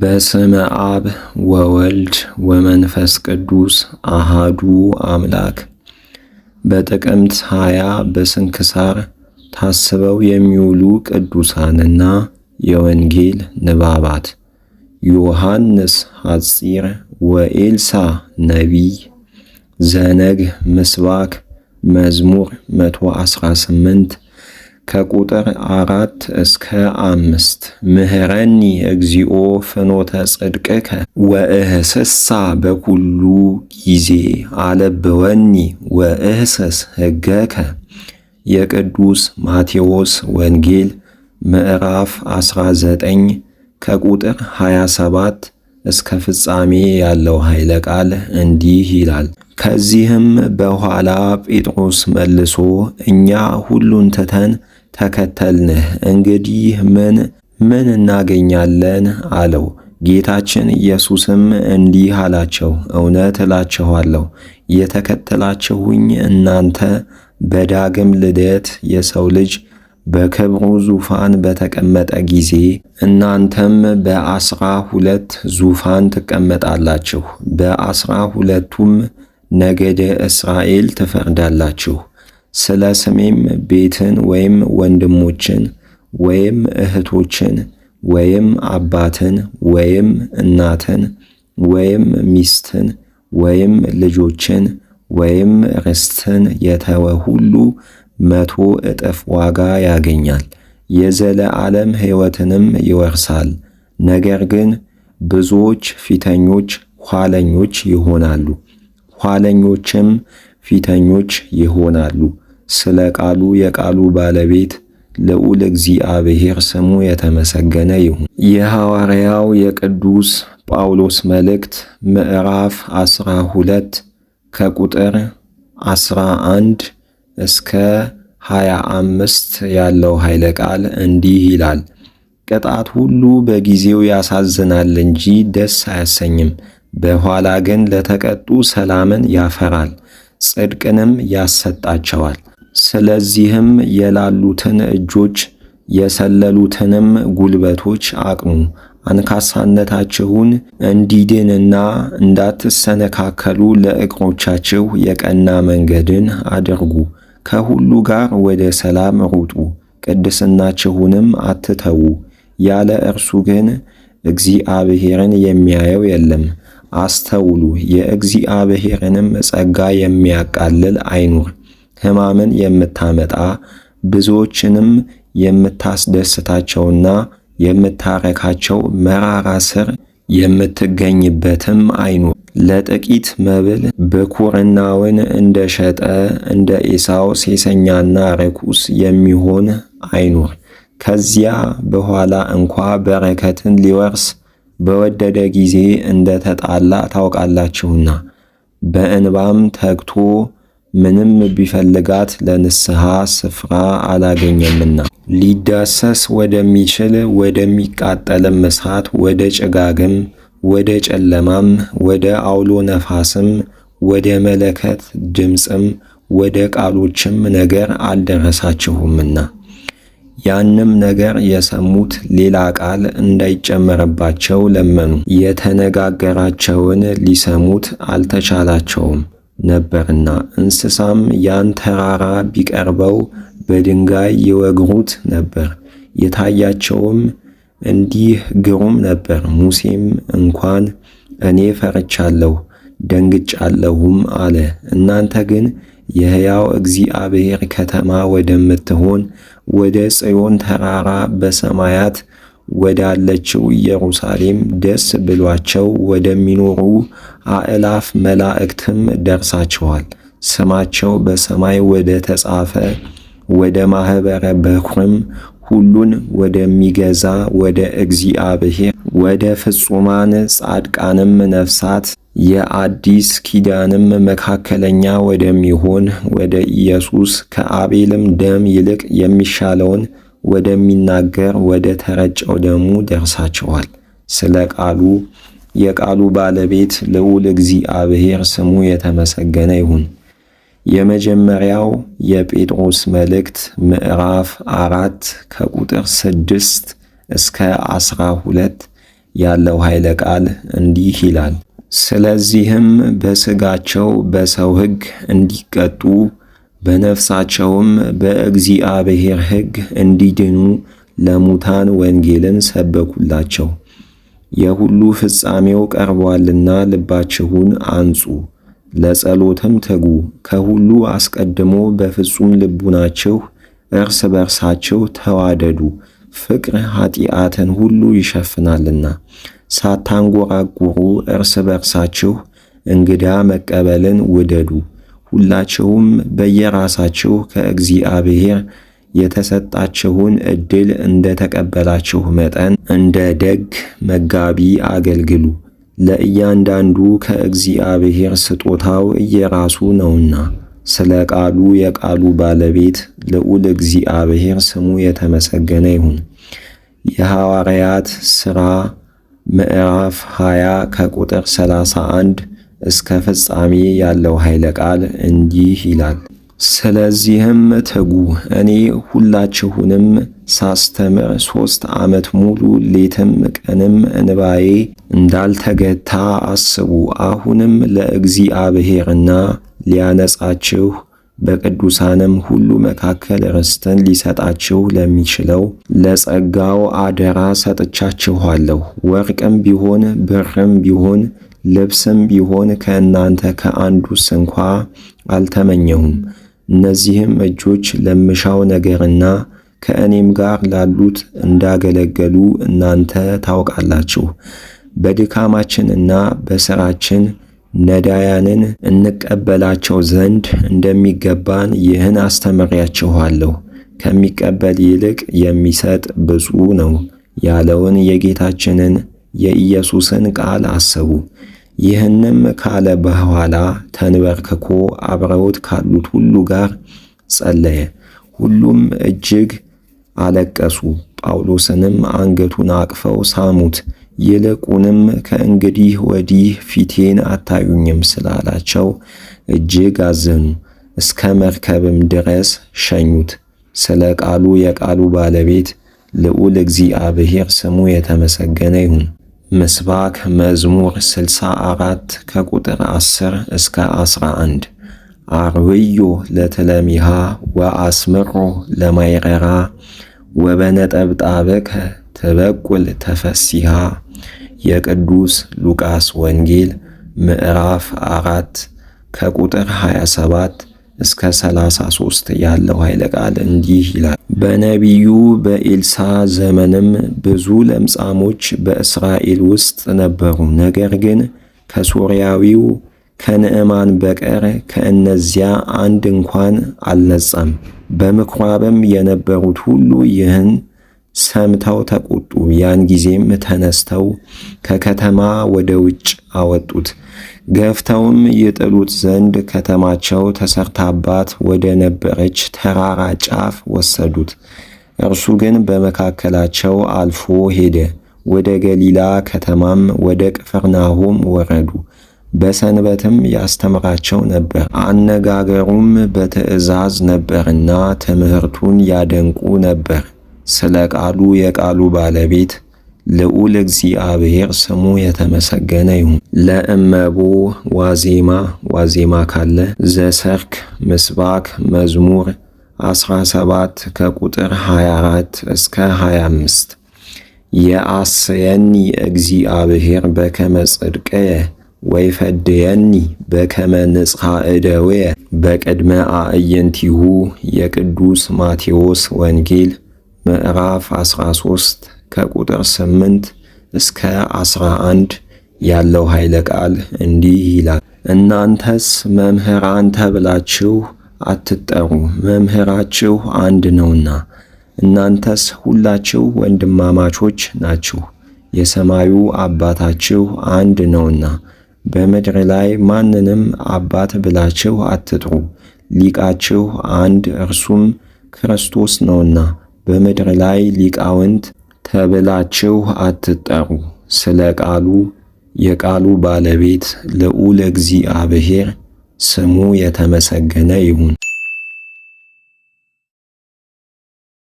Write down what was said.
በስመ አብ ወወልድ ወመንፈስ ቅዱስ አሃዱ አምላክ። በጥቅምት ሃያ በስንክሳር ታስበው የሚውሉ ቅዱሳንና የወንጌል ንባባት ዮሐንስ ሐጺር ወኤልሳ ነቢይ ዘነግ ምስባክ መዝሙር 118 ከቁጥር አራት እስከ አምስት ምህረኒ እግዚኦ ፍኖተ ጽድቅከ ወእህስሳ በኩሉ ጊዜ አለብወኒ ወእህስስ ሕገከ። የቅዱስ ማቴዎስ ወንጌል ምዕራፍ 19 ከቁጥር 27 እስከ ፍጻሜ ያለው ኃይለ ቃል እንዲህ ይላል። ከዚህም በኋላ ጴጥሮስ መልሶ እኛ ሁሉን ትተን ተከተልንህ፣ እንግዲህ ምን ምን እናገኛለን አለው። ጌታችን ኢየሱስም እንዲህ አላቸው፣ እውነት እላችኋለሁ የተከተላችሁኝ እናንተ በዳግም ልደት የሰው ልጅ በክብሩ ዙፋን በተቀመጠ ጊዜ እናንተም በአስራ ሁለት ዙፋን ትቀመጣላችሁ፣ በአስራ ሁለቱም ነገደ እስራኤል ትፈርዳላችሁ። ስለ ስሜም ቤትን ወይም ወንድሞችን ወይም እህቶችን ወይም አባትን ወይም እናትን ወይም ሚስትን ወይም ልጆችን ወይም ርስትን የተወ ሁሉ መቶ እጥፍ ዋጋ ያገኛል፣ የዘለ ዓለም ሕይወትንም ይወርሳል። ነገር ግን ብዙዎች ፊተኞች ኋለኞች ይሆናሉ፣ ኋለኞችም ፊተኞች ይሆናሉ። ስለ ቃሉ የቃሉ ባለቤት ልዑል እግዚአብሔር ስሙ የተመሰገነ ይሁን። የሐዋርያው የቅዱስ ጳውሎስ መልእክት ምዕራፍ 12 ከቁጥር 11 እስከ 25 ያለው ኃይለ ቃል እንዲህ ይላል። ቅጣት ሁሉ በጊዜው ያሳዝናል እንጂ ደስ አያሰኝም፣ በኋላ ግን ለተቀጡ ሰላምን ያፈራል፣ ጽድቅንም ያሰጣቸዋል። ስለዚህም የላሉትን እጆች የሰለሉትንም ጉልበቶች አቅኑ፣ አንካሳነታችሁን እንዲድንና እንዳትሰነካከሉ ለእግሮቻችሁ የቀና መንገድን አድርጉ። ከሁሉ ጋር ወደ ሰላም ሩጡ፣ ቅድስናችሁንም አትተዉ። ያለ እርሱ ግን እግዚአብሔርን የሚያየው የለም። አስተውሉ፣ የእግዚአብሔርንም ጸጋ የሚያቃልል አይኑር። ሕማምን የምታመጣ ብዙዎችንም የምታስደስታቸውና የምታረካቸው መራራ ስር የምትገኝበትም አይኑ ለጥቂት መብል ብኩርናውን እንደሸጠ እንደ ኤሳው ሴሰኛና ርኩስ የሚሆን አይኑር። ከዚያ በኋላ እንኳ በረከትን ሊወርስ በወደደ ጊዜ እንደተጣላ ታውቃላችሁና በእንባም ተግቶ ምንም ቢፈልጋት ለንስሐ ስፍራ አላገኘምና ሊዳሰስ ወደሚችል ወደሚቃጠልም እሳት ወደ ጭጋግም ወደ ጨለማም ወደ አውሎ ነፋስም ወደ መለከት ድምፅም ወደ ቃሎችም ነገር አልደረሳችሁምና ያንም ነገር የሰሙት ሌላ ቃል እንዳይጨመርባቸው ለመኑ። የተነጋገራቸውን ሊሰሙት አልተቻላቸውም። ነበርና እንስሳም ያን ተራራ ቢቀርበው በድንጋይ ይወግሩት ነበር። የታያቸውም እንዲህ ግሩም ነበር። ሙሴም እንኳን እኔ ፈርቻለሁ ደንግጫለሁም አለ። እናንተ ግን የሕያው እግዚአብሔር ከተማ ወደምትሆን ወደ ጽዮን ተራራ በሰማያት ወዳለችው ኢየሩሳሌም ደስ ብሏቸው ወደሚኖሩ አእላፍ መላእክትም ደርሳችኋል። ስማቸው በሰማይ ወደ ተጻፈ ወደ ማኅበረ በኩርም ሁሉን ወደሚገዛ ወደ እግዚአብሔር ወደ ፍጹማን ጻድቃንም ነፍሳት የአዲስ ኪዳንም መካከለኛ ወደሚሆን ወደ ኢየሱስ ከአቤልም ደም ይልቅ የሚሻለውን ወደሚናገር ወደ ተረጨው ደሙ ደርሳቸዋል። ስለ ቃሉ የቃሉ ባለቤት ልዑል እግዚአብሔር ስሙ የተመሰገነ ይሁን። የመጀመሪያው የጴጥሮስ መልእክት ምዕራፍ አራት ከቁጥር ስድስት እስከ ዐሥራ ሁለት ያለው ኃይለ ቃል እንዲህ ይላል። ስለዚህም በስጋቸው በሰው ሕግ እንዲቀጡ በነፍሳቸውም በእግዚአብሔር ሕግ እንዲድኑ ለሙታን ወንጌልን ሰበኩላቸው። የሁሉ ፍጻሜው ቀርቧልና ልባችሁን አንጹ፣ ለጸሎትም ትጉ። ከሁሉ አስቀድሞ በፍጹም ልቡናችሁ እርስ በርሳችሁ ተዋደዱ፣ ፍቅር ኃጢአትን ሁሉ ይሸፍናልና። ሳታንጎራጉሩ እርስ በርሳችሁ እንግዳ መቀበልን ውደዱ። ሁላችሁም በየራሳችሁ ከእግዚአብሔር የተሰጣችሁን ዕድል እንደ ተቀበላችሁ መጠን እንደ ደግ መጋቢ አገልግሉ። ለእያንዳንዱ ከእግዚአብሔር ስጦታው እየራሱ ነውና። ስለ ቃሉ የቃሉ ባለቤት ልዑል እግዚአብሔር ስሙ የተመሰገነ ይሁን። የሐዋርያት ሥራ ምዕራፍ 20 ከቁጥር 31 እስከ ፍጻሜ ያለው ኃይለ ቃል እንዲህ ይላል። ስለዚህም ትጉ። እኔ ሁላችሁንም ሳስተምር ሦስት ዓመት ሙሉ ሌትም ቀንም እንባዬ እንዳልተገታ አስቡ። አሁንም ለእግዚአብሔርና ሊያነጻችሁ በቅዱሳንም ሁሉ መካከል ርስትን ሊሰጣችሁ ለሚችለው ለጸጋው አደራ ሰጥቻችኋለሁ። ወርቅም ቢሆን ብርም ቢሆን ልብስም ቢሆን ከእናንተ ከአንዱ ስንኳ አልተመኘሁም። እነዚህም እጆች ለምሻው ነገርና ከእኔም ጋር ላሉት እንዳገለገሉ እናንተ ታውቃላችሁ። በድካማችንና በሥራችን ነዳያንን እንቀበላቸው ዘንድ እንደሚገባን ይህን አስተምሬያችኋለሁ። ከሚቀበል ይልቅ የሚሰጥ ብፁ ነው ያለውን የጌታችንን የኢየሱስን ቃል አሰቡ። ይህንም ካለ በኋላ ተንበርክኮ አብረውት ካሉት ሁሉ ጋር ጸለየ። ሁሉም እጅግ አለቀሱ። ጳውሎስንም አንገቱን አቅፈው ሳሙት። ይልቁንም ከእንግዲህ ወዲህ ፊቴን አታዩኝም ስላላቸው እጅግ አዘኑ። እስከ መርከብም ድረስ ሸኙት። ስለ ቃሉ የቃሉ ባለቤት ልዑል እግዚአብሔር ስሙ የተመሰገነ ይሁን። ምስባክ መዝሙር 64 ከቁጥር 10 እስከ 11 አርውዮ ለትለሚሃ ወአስምሮ ለማይረራ ወበነጠብጣብከ ትበቁል ተፈሲሃ። የቅዱስ ሉቃስ ወንጌል ምዕራፍ 4 ከቁጥር 27 እስከ 33 ያለው ኃይለ ቃል እንዲህ ይላል። በነቢዩ በኤልሳ ዘመንም ብዙ ለምጻሞች በእስራኤል ውስጥ ነበሩ። ነገር ግን ከሶርያዊው ከንዕማን በቀር ከእነዚያ አንድ እንኳን አልነጻም። በምኵራብም የነበሩት ሁሉ ይህን ሰምተው ተቆጡ። ያን ጊዜም ተነስተው ከከተማ ወደ ውጭ አወጡት። ገፍተውም ይጥሉት ዘንድ ከተማቸው ተሰርታባት ወደ ነበረች ተራራ ጫፍ ወሰዱት። እርሱ ግን በመካከላቸው አልፎ ሄደ። ወደ ገሊላ ከተማም ወደ ቅፍርናሆም ወረዱ። በሰንበትም ያስተምራቸው ነበር። አነጋገሩም በትእዛዝ ነበርና ትምህርቱን ያደንቁ ነበር። ስለ ቃሉ የቃሉ ባለቤት ልዑል እግዚአብሔር ስሙ የተመሰገነ ይሁን። ለእመቦ ዋዜማ ዋዜማ ካለ ዘሰርክ ምስባክ መዝሙር 17 ከቁጥር 24 እስከ 25 የአሰየኒ እግዚአብሔር በከመ ጽድቅየ ወይፈድየኒ በከመ ንጽሐ እደውየ በቅድመ አእየንቲሁ የቅዱስ ማቴዎስ ወንጌል ምዕራፍ 13 ከቁጥር 8 እስከ 11 ያለው ኃይለ ቃል እንዲህ ይላል። እናንተስ መምህራን ተብላችሁ አትጠሩ፣ መምህራችሁ አንድ ነውና። እናንተስ ሁላችሁ ወንድማማቾች ናችሁ፣ የሰማዩ አባታችሁ አንድ ነውና። በምድር ላይ ማንንም አባት ብላችሁ አትጥሩ፣ ሊቃችሁ አንድ እርሱም ክርስቶስ ነውና። በምድር ላይ ሊቃውንት ተብላችሁ አትጠሩ። ስለ ቃሉ የቃሉ ባለቤት ልዑል እግዚአብሔር ስሙ የተመሰገነ ይሁን።